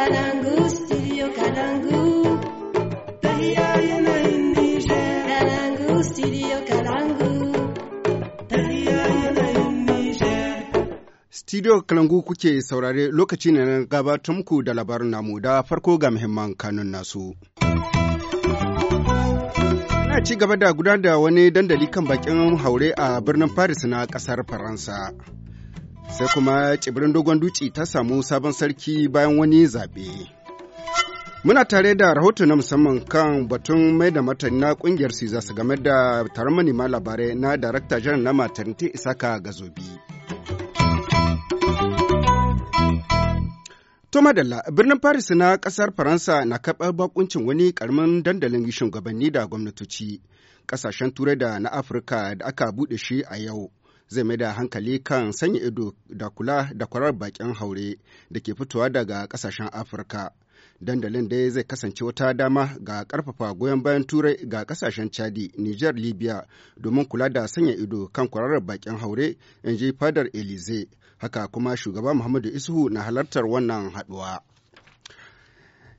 Kalangu, studio Kalangu. kuke saurare lokaci ne na gabatar muku da labarin namu da farko ga muhimman kanun nasu. Ana ci gaba da gudanar da wani dandali kan bakin haure a birnin Paris na ƙasar Faransa. sai kuma tsibirin dogon duci ta samu sabon sarki bayan wani zaɓe. Muna tare da rahoto na musamman kan batun mai da martani na kungiyar su game da taron manema labarai na darakta janar na maternity Isaka Gazobi. To madalla birnin Paris na ƙasar Faransa na kaba bakuncin wani ƙaramin dandalin shugabanni da gwamnatoci. Ƙasashen Turai da na Afirka da aka buɗe shi a yau. zai mai da hankali kan sanya ido da kula da kwarar bakin haure da ke fitowa daga kasashen afirka dandalin dai zai kasance wata dama ga karfafa goyon bayan turai ga kasashen chadi niger libya domin kula da sanya ido kan kwararar bakin haure in ji fadar elize haka kuma shugaba muhammadu isuhu na halartar wannan haduwa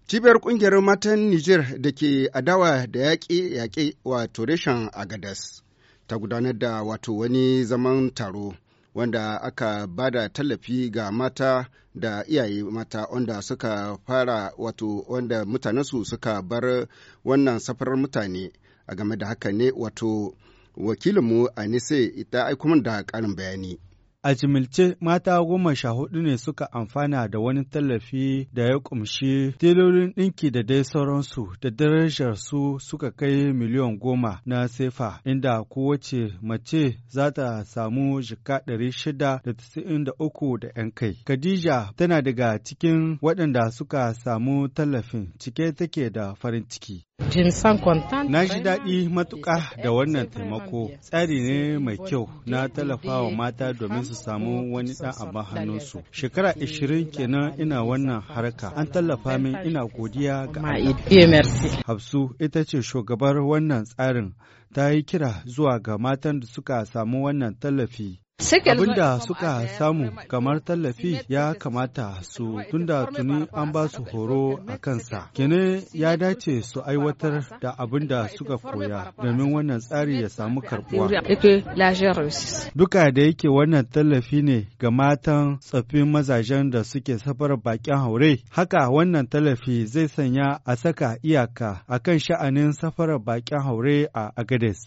cibiyar kungiyar matan niger da ke adawa da yaƙi-yaƙi wa toreshan agadas ta gudanar da wato wani zaman taro wanda aka ba da tallafi ga mata da iyaye mata wanda suka fara wato wanda mutanensu suka bar wannan safarar mutane a game da haka ne wato wakilinmu anise ita aikumin da karin bayani. A jimilce mata goma sha hudu ne suka amfana da wani tallafi da ya kumshi telolin ɗinki da dai sauransu da darajar su suka kai miliyan goma na sefa inda kowace mace za ta samu jika ɗari shida da tisa'in da uku da ‘yan kai. Khadija tana daga cikin waɗanda suka samu tallafin cike take da farin ciki. Na ji daɗi matuƙa da wannan taimako tsari ne mai kyau na tallafawa mata domin su samu wani ɗan abin hannunsu. Shekara ashirin kenan ina wannan harka. An tallafa min ina godiya ga eh, Hafsu ita ce shugabar wannan tsarin ta yi kira zuwa ga matan da suka samu wannan tallafi abinda suka samu kamar tallafi ya kamata su tunda tuni an ba su horo a kansa kene ya dace su aiwatar da abinda suka koya domin wannan tsari ya samu karbuwa duka da yake wannan tallafi ne ga matan tsaffin mazajen da suke safar bakin haure haka wannan tallafi zai sanya a saka iyaka a kan sha'anin safar bakin haure a agades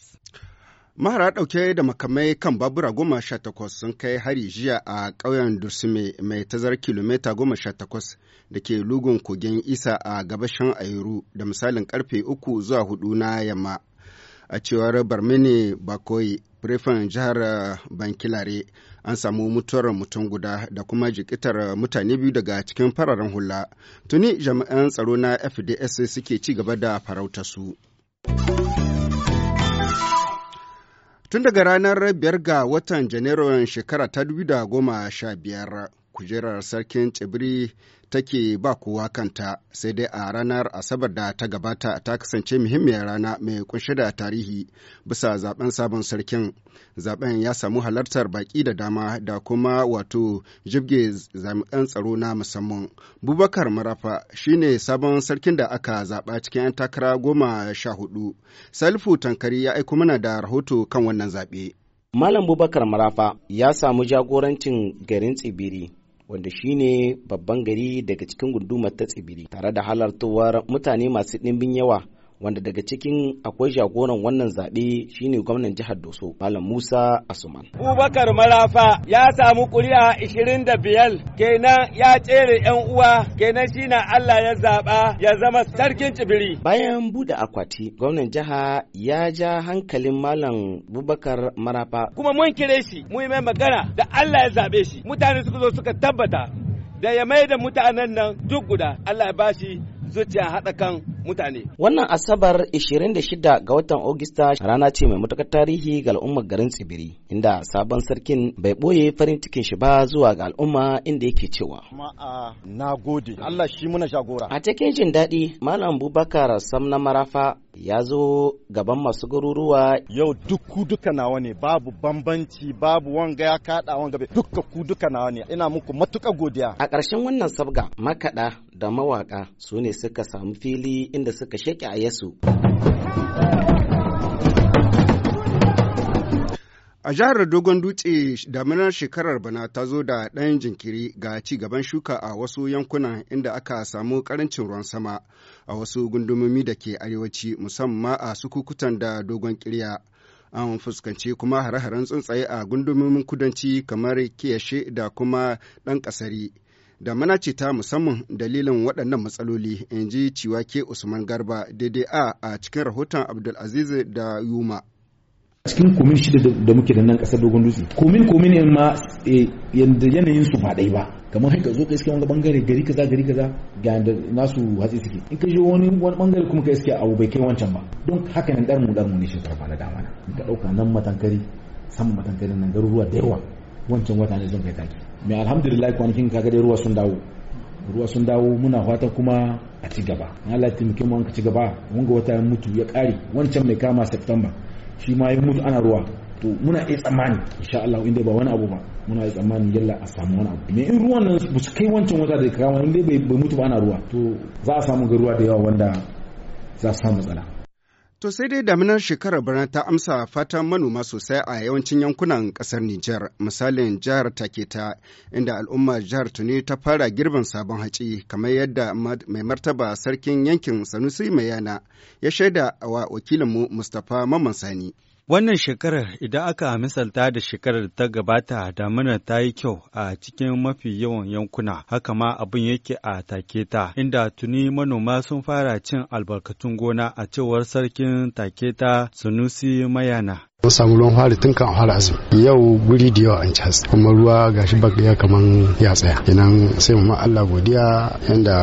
mahara ɗauke da makamai kan babura goma sha takwas sun kai hari jiya a ƙauyen dursume mai tazar kilomita goma sha takwas da ke lugun kogin isa a gabashin Ayuru da misalin karfe uku zuwa hudu na yamma a cewar barmini bakoyi firifin jihar bankilare an samu mutuwar mutum guda da kuma jikitar mutane biyu daga cikin fararen hula tuni jami'an tsaro na fds suke ci gaba da farauta su. tun daga ranar 5 ga watan janairun shekara ta 2015. kujerar sarkin tsibiri take ba kowa kanta sai dai a ranar asabar da ta gabata ta kasance muhimmiyar rana mai kunshi da tarihi bisa zaben sabon sarkin zaben ya samu halartar baki da dama da kuma wato jibge jami'an tsaro na musamman bubakar marafa shine sabon sarkin da aka zaba cikin 'yan takara goma sha hudu salifu tankari ya aiko mana da rahoto kan wannan zaɓe. Malam Bubakar Marafa ya samu jagorancin garin Tsibiri wanda shine babban gari daga cikin gundumar ta tsibiri tare da halartowar mutane masu ɗimbin yawa wanda daga cikin akwai jagoran wannan zaɓe shine gwamnan jihar Doso Malam Musa Asuman. Bubakar Marafa ya samu kuri'a ishirin da biyar. kenan ya tsere yan uwa kenan na Allah ya zaɓa ya zama sarkin tsibiri. Bayan buɗe akwati gwamnan jiha ya ja hankalin Malam Bubakar Marafa. Kuma mun kire shi mu yi mai magana da Allah ya zaɓe shi mutane suka zo suka tabbata da ya mai da mutanen nan duk guda Allah ya bashi zuciya haɗa kan mutane. Wannan Asabar 26 ga watan Ogista rana ce mai matukar tarihi ga al'ummar garin Tsibiri inda sabon sarkin bai boye farin cikin shi ba zuwa ga al'umma inda yake cewa. Ma'a na gode Allah shi muna shagora. A cikin jin daɗi Malam Bubakar Sam na Marafa ya zo gaban masu garuruwa. Yau duk ku duka nawa ne babu bambanci babu wanga ya kaɗa wanga bai duka ku duka nawa ne ina muku matuƙa godiya. A ƙarshen wannan sabga makaɗa da mawaƙa su ne suka samu fili inda suka sheke a yasu. A jihar Dogon Dutse daminar shekarar bana ta zo da ɗan jinkiri ga ci gaban shuka a wasu yankunan inda aka samu ƙarancin ruwan sama a wasu gundumomi da ke arewaci musamman a sukukutan da dogon kirya. An fuskanci kuma hare-haren tsuntsaye a gundumomin kudanci kamar kiyashe da kuma ɗan ƙasari. mana ce ta musamman dalilin waɗannan matsaloli in ji ciwake usman garba daidai a a cikin rahoton abdulaziz da yuma cikin komin shida da muke da nan kasar dogon dutse komin komin yan ma eh, yanda yanayin su ba ba kamar haka zo ka iske wani bangare gari kaza gari kaza ga nasu hatsi suke in ka je wani wani bangare kuma ka iske abu bai kai wancan ba don haka nan dar mu dar mu ne shi ba na damana in ka ɗauka nan matankari saman matankari nan garuruwa da yawa wancan wata ne zan kai taki mai alhamdulillah kwanakin kaga dai ruwa sun dawo ruwa sun dawo muna fata kuma a ci gaba Na ya taimake mu an ci gaba wanga wata ya mutu ya kare wancan mai kama September shi ma ya mutu ana ruwa to muna yi tsammani insha Allah inda ba wani abu ba muna yi tsammani yalla a samu wani abu me in ruwan nan ba su kai wancan wata da kama inda bai mutu ba ana ruwa to za a samu ga ruwa da yawa wanda za a samu matsala To sai dai daminar shekarar bana ta amsa fatan manoma sosai a yawancin yankunan kasar Nijar, misalin jihar Taketa, inda al'ummar jihar Tuni ta fara girbin sabon haci, kamar yadda mai martaba sarkin yankin Sanusi Mayana ya shaida wa wakilinmu Mustapha Mamman Sani. Wannan shekarar idan aka misalta da shekarar ta gabata damina ta yi kyau a cikin mafi yawan yankuna haka ma abin yake a taketa inda tuni manoma sun fara cin albarkatun gona a cewar sarkin taketa Sunusi Mayana. mun samu ruwan fari tun kan fara azumi yau guri da yawa an ci kuma ruwa gashi baka ya kaman ya tsaya idan sai mu ma Allah godiya yanda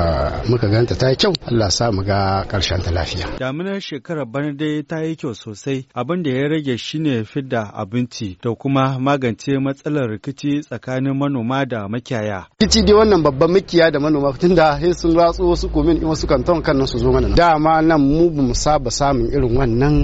muka ganta ta yi kyau Allah sa mu ga karshen ta lafiya. Daminar shekarar bana dai ta yi kyau sosai abin da ya rage shine fidda abinci da kuma magance matsalar rikici tsakanin manoma da makiyaya. Rikici dai wannan babban makiya da manoma tun da sai sun ratso wasu komin in wasu kanton kan nan su zo mana. Dama nan mu ba mu saba samun irin wannan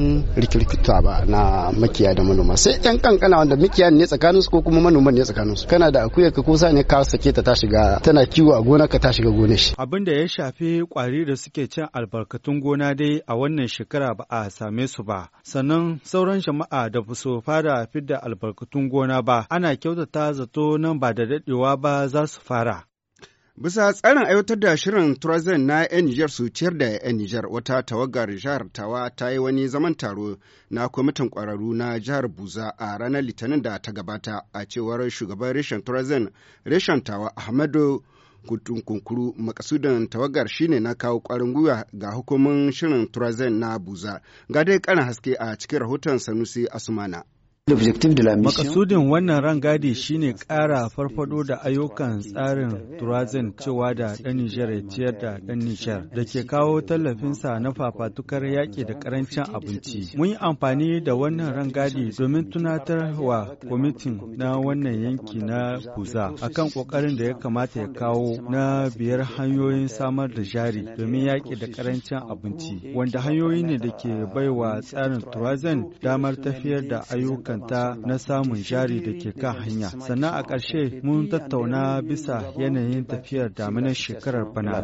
rikirkita ba na makiya da manoma sai ɗan kankana wanda makiya ne tsakanin su ko kuma manoman ne tsakanin su. Kana da akuya ka ko sa ne ka sake ta ta shiga tana kiwo a gona ka ta shiga gonar shi. Abin da ya shafi kwari da suke cin albarkatun gona dai a wannan shekara ba a same su ba. Sannan sauran jama'a da ba su fara fidda albarkatun gona ba, ana kyautata zato nan ba da daɗewa ba za su fara. Bisa tsarin aiwatar da shirin Turazen na 'yan Nijar su ciyar da 'yan Nijar wata tawagar jihar Tawa ta yi wani zaman taro na kwamitin kwararru na jihar Buza a ranar Litinin da ta gabata a cewar shugaban reshen Turazen reshen Tawa Ahmadu kutun kunkuru makasudan tawagar shine na kawo kwarin gwiwa ga hukumin shirin turazen na buza ga dai karin haske a cikin rahoton sanusi asumana Makasudin wannan rangadi shine ƙara farfado da ayyukan tsarin Turazin cewa da ɗan Nijar ya ciyar da ɗan Nijar da ke kawo tallafinsa na fafatukar yaƙi da ƙarancin abinci. Mun yi amfani da wannan rangadi domin tunatar wa kwamitin na wannan yanki na kuza akan ƙoƙarin da ya kamata ya kawo na biyar hanyoyin samar da jari domin yaƙi da ƙarancin abinci, wanda hanyoyi ne da ke baiwa tsarin Turazin damar tafiyar da ayyukan inganta na samun jari da ke kan hanya. Sannan a ƙarshe mun tattauna bisa yanayin tafiyar daminar shekarar bana.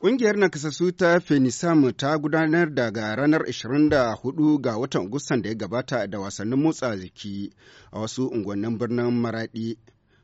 Ƙungiyar nakasassu ta Fenisam ta gudanar daga ranar 24 ga watan Agustan da ya gabata da wasannin motsa jiki a wasu unguwannin birnin Maraɗi.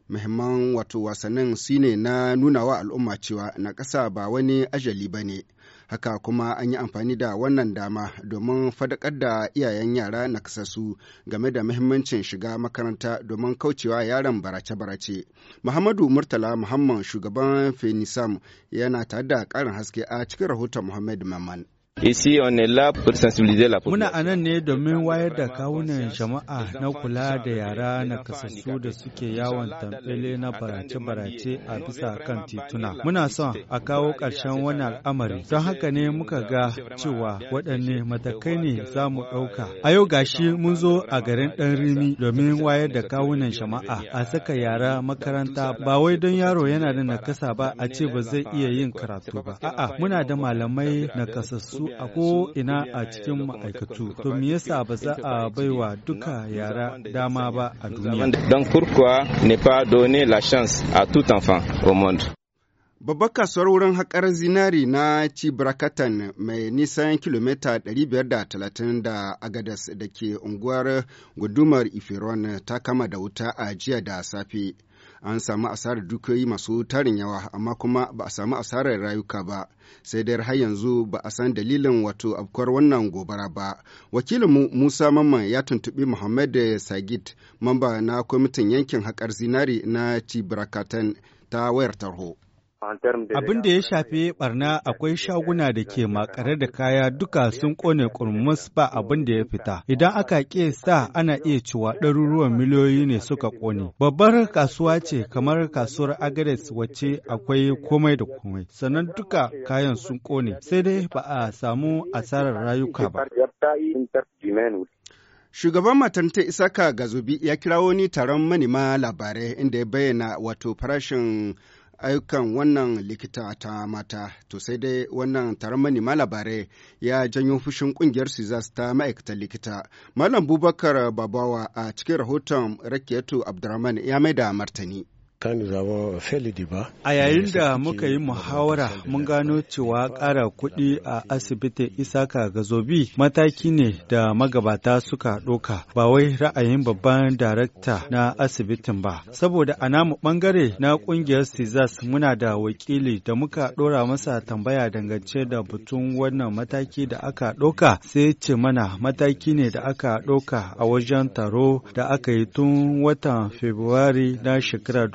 muhimman wato wasannin sune na nuna wa al'umma cewa na ƙasa ba wani ajali ba ne haka kuma an yi amfani da wannan dama domin fadakar da iyayen yara na kasa su game da muhimmancin shiga makaranta domin kaucewa yaran barace-barace muhammadu murtala muhammad shugaban fenisam yana tare da ƙarin haske a cikin rahoton muhammad mamman Ici, on est là pour sensibiliser la population. Muna anan ne domin wayar da kawunan jama'a na kula da yara na kasassu da suke yawon tamfele na barace-barace a bisa kan tituna. Muna son a kawo ƙarshen wani al'amari. Don haka ne muka ga cewa waɗanne matakai ne za mu ɗauka. A yau gashi mun zo a garin ɗan Rimi domin wayar da kawunan jama'a a saka yara makaranta ba wai don yaro yana da nakasa ba a ce ba zai iya yin karatu ba. A'a muna da malamai nakasassu a ko ina a cikin ma'aikatu to me yasa ba za a bai wa duka yara dama ba a duniya don kurkuwa ne pas donner la chance à tout enfant au monde Babbar kasuwar wurin haƙar zinari na Cibrakatan mai nisan kilomita 530 da Agadas da ke unguwar gudumar Ifiron ta kama da wuta a jiya da safe. An samu asarar dukiyoyi masu tarin yawa amma kuma ba a samu asarar rayuka ba, sai dai har yanzu ba a san dalilin wato afkuwar wannan gobara ba. wakilin Musa Mamman ya tuntuɓi Muhammad Sagid, mamba na kwamitin yankin haƙar zinari na Cibrakatan ta wayar tarho. Abin da ya shafi barna akwai shaguna da ke makare da kaya duka sun kone kurmus ba abin da ya fita. Idan aka sa ana iya cewa ɗaruruwan miliyoyi ne suka kone. Babbar kasuwa ce kamar kasuwar Agades wacce akwai komai da komai. Sannan duka kayan sun kone sai dai ba a samu asarar rayuka ba. Shugaban matan ta Isaka Gazubi ya kirawo ni taron manema labarai inda ya bayyana wato farashin ayyukan wannan likita ta mata to sai dai wannan taron manema labarai ya janyo fushin kungiyar sizas ta ma'aikatan likita malam bubakar babawa a cikin rahoton rakiyatu Abdulrahman ya maida da martani A yayin da muka yi muhawara mun gano cewa ƙara kuɗi a asibitin Isaka zobi mataki ne da magabata suka ɗoka ba wai ra'ayin babban darakta na asibitin ba. Saboda a namu ɓangare na ƙungiyar Cizas muna da wakili da muka ɗora masa tambaya dangance da butun wannan mataki da aka ɗoka sai ce mana mataki ne da aka ɗoka a wajen taro da aka yi tun watan Fabrairu na shekara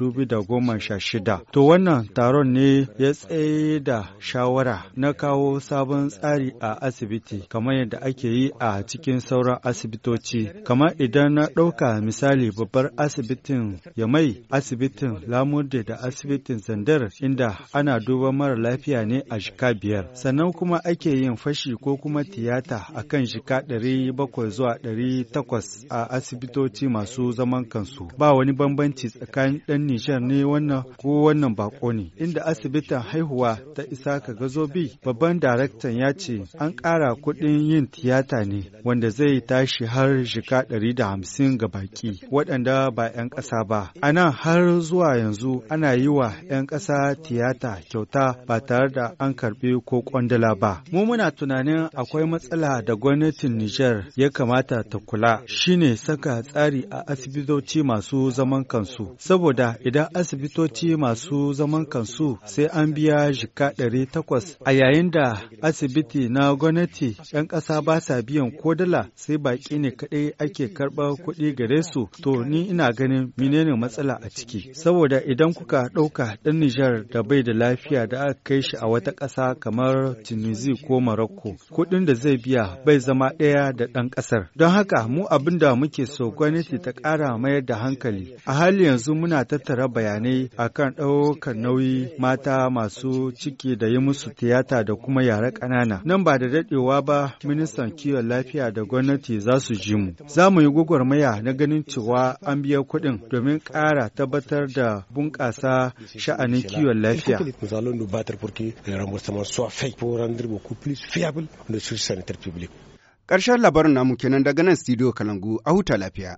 shida To wannan taron ne ya tsaye da shawara na kawo sabon tsari a asibiti kamar yadda ake yi a cikin sauran asibitoci. Kamar idan na ɗauka misali babbar asibitin ya Yamai, asibitin Lamurde da asibitin Zandar inda ana duba mara lafiya ne a shika biyar. Sannan kuma ake yin fashi ko kuma tiyata a kan shika ɗari bakwai zuwa ɗari takwas a asibitoci masu zaman kansu. Ba wani bambanci tsakanin ɗan Nijar ne wannan ko wannan bako ne. Inda asibitin haihuwa ta isa ka gazobi babban daraktan ya ce an ƙara kuɗin yin tiyata ne wanda zai tashi har jika ɗari da hamsin ga baki waɗanda ba 'yan ƙasa ba. A nan har zuwa yanzu ana yi wa 'yan ƙasa tiyata kyauta ba tare da an karɓi ko kwandala ba. Mu muna tunanin akwai matsala da gwamnatin Nijar ya kamata ta kula shine saka tsari a asibitoci masu zaman kansu saboda idan asibitoci masu zaman kansu sai an biya jika ɗari takwas a yayin da asibiti na gwamnati 'yan ƙasa ba sa biyan ko dala sai baƙi ne kaɗai ake karɓar kuɗi gare su to ni ina ganin menene matsala a ciki saboda idan kuka ɗauka ɗan Nijar da bai da lafiya da aka kai shi a wata ƙasa kamar Tunisia ko Morocco kuɗin da zai biya bai zama ɗaya da ɗan ƙasar don haka mu abin da muke so gwamnati ta ƙara mayar da hankali a hali yanzu muna tattara tattara bayanai akan ɗaukar nauyi mata masu ciki da yi musu tiyata da kuma yara ƙanana. Nan ba da daɗewa ba ministan kiwon lafiya da gwamnati za su ji mu. Za mu yi gwagwarmaya na ganin cewa an biya kuɗin domin ƙara tabbatar da bunƙasa sha'anin kiwon lafiya. Ƙarshen labarin namu kenan daga nan studio Kalangu a huta lafiya.